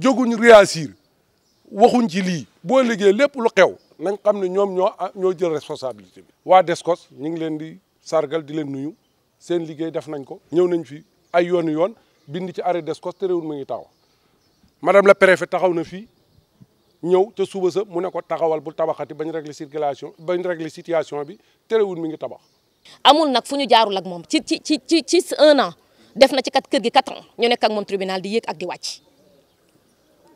jóguñ réagir waxuñ ci lii boo liggéey lépp lu xew nañ xam ne ñoom ñoo ah, ñoo jël responsabilité bi. waa Descos ñu ngi leen di sargal di leen nuyu seen liggéey def nañ ko. ñëw nañ fii ay yoon yoon bind ci arrêt Descos te réewul mu ngi taxaw madame la préfet taxaw na fii ñëw ca suba sa mu ne ko taxawal bu tabaxati bañ régler circulation bañ régler situation bi terewul mi ngi tabax. amul nag fu ñu jaarul ak moom ci ci ci ci un an def na ci kat kër gi quatre ans ñu nekk ak moom tribunal di wàcc.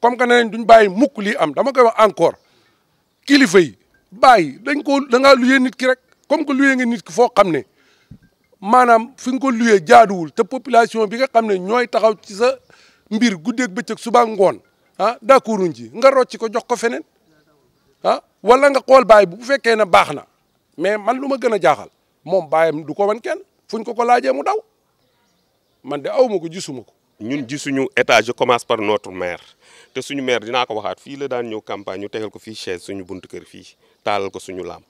comme que nee nañ duñ bàyyi mukk lii am dama koy wax encore kilifa yi bàyyi dañ ko da ngaa nit ki rek comme que luye nga nit ki foo xam ne maanaam fi ko luyee jaaduwul te population bi nga xam ne ñooy taxaw ci sa mbir guddeeg bëccëg suba ngoon ah d'accord uñ ci nga rocci ko jox ko feneen ah wala nga xool baay bu fekkee ne baax na mais man lu ma gën a jaaxal moom baay du ko wan kenn fuñ ko ko laajee mu daw man de aw ma ko gisuma ko ñun gisuñu état je commence par notre maire té suñu maire dina ko waxat fi la daan ñeu campagne ñu tegal ko fi chaise suñu buntu kër fi talal ko suñu làmp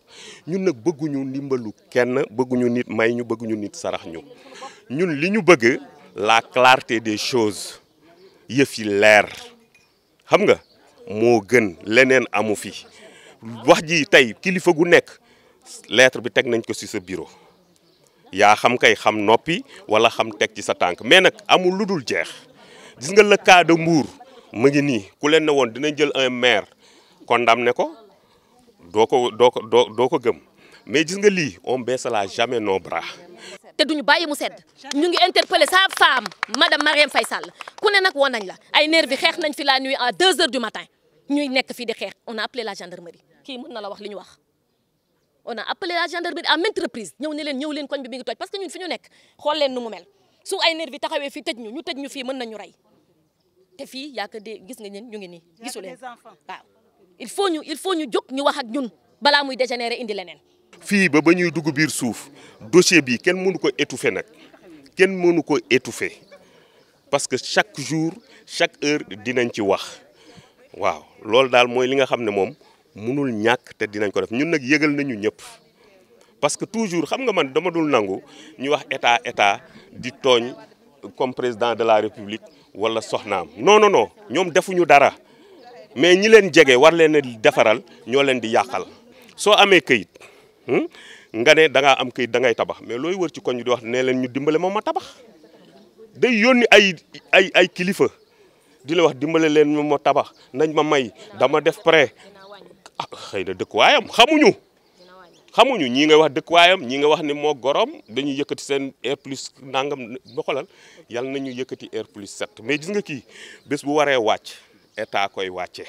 ñun nag bëgguñu ndimbalu kenn bëgguñu nit may ñu bëgguñu nit sarax ñu ñun liñu bëgg la clarté des choses yëf yi leer xam nga mo gën leneen amu fi wax ji tay kilifa gu nek lettre bi tek nañ ko ci ce bureau yaa xam kay xam noppi wala xam teg ci sa tànk mais nag amul lu dul jeex gis nga le cas de Mbour nii ku leen ne woon dina jël un maire condamné ko doo ko doo ko doo doo ko gëm mais gis nga lii on baissera jamais nos bras. te duñu bàyyi mu sedd ñu ngi interpellé sa femme madame Marième Faye Sall ku ne nag woon nañ la ay nervi bi xeex nañ fi la nuit à 2 heures du matin ñuy nekk fii di xeex on a appelé la gendarmerie kii mën na la wax li ñu wax. on a appelé la gendarmerie à maintes reprises ñëw ne leen ñëw leen koñ bi mi ngi toj parce que ñun fi ñu nekk xool leen nu mu mel su ay nervi taxawé fi tëj ñu ñu tëj ñu fi mën nañu ray té fi ya ko de gis nga ñen ñu ngi ni gisu leen waaw il faut ñu il faut ñu jóg ñu wax ak ñun bala muy dégénérer indi leneen fi ba bañuy dugg biir suuf dossier bi kenn mënu ko étouffer nak kenn mënu ko étouffer parce que chaque jour chaque heure dinañ ci wax waaw lool daal moy li nga xamné mom munul ñàkk te dinañ ko def ñun nag yëgal nañu ñëpp parce que toujours xam nga man dama dul nangu ñu wax état état di tooñ comme président de la république wala soxnaam non non non ñoom defuñu dara mais ñi leen jege war leen a defaral ñoo leen di yàqal soo amee kayit hmm, nga ne da am këyit da ngay tabax mais looyu wër ci koñ di wax nee leen ñu dimbale moom ma tabax day yónni ay ay ay kilifa di la wax dimbale leen moom ma tabax nañ ma may dama def prêt ah xëy na dëkkuwaayam xamuñu xamuñu ñii nga wax dëkkuwaayam ñi nga wax ni moo gorom dañuy yëkkati seen air plus nangam ba xoolal na ñu yëkkati air plus set mais gis nga kii bés bu waree wàcc état koy wàcce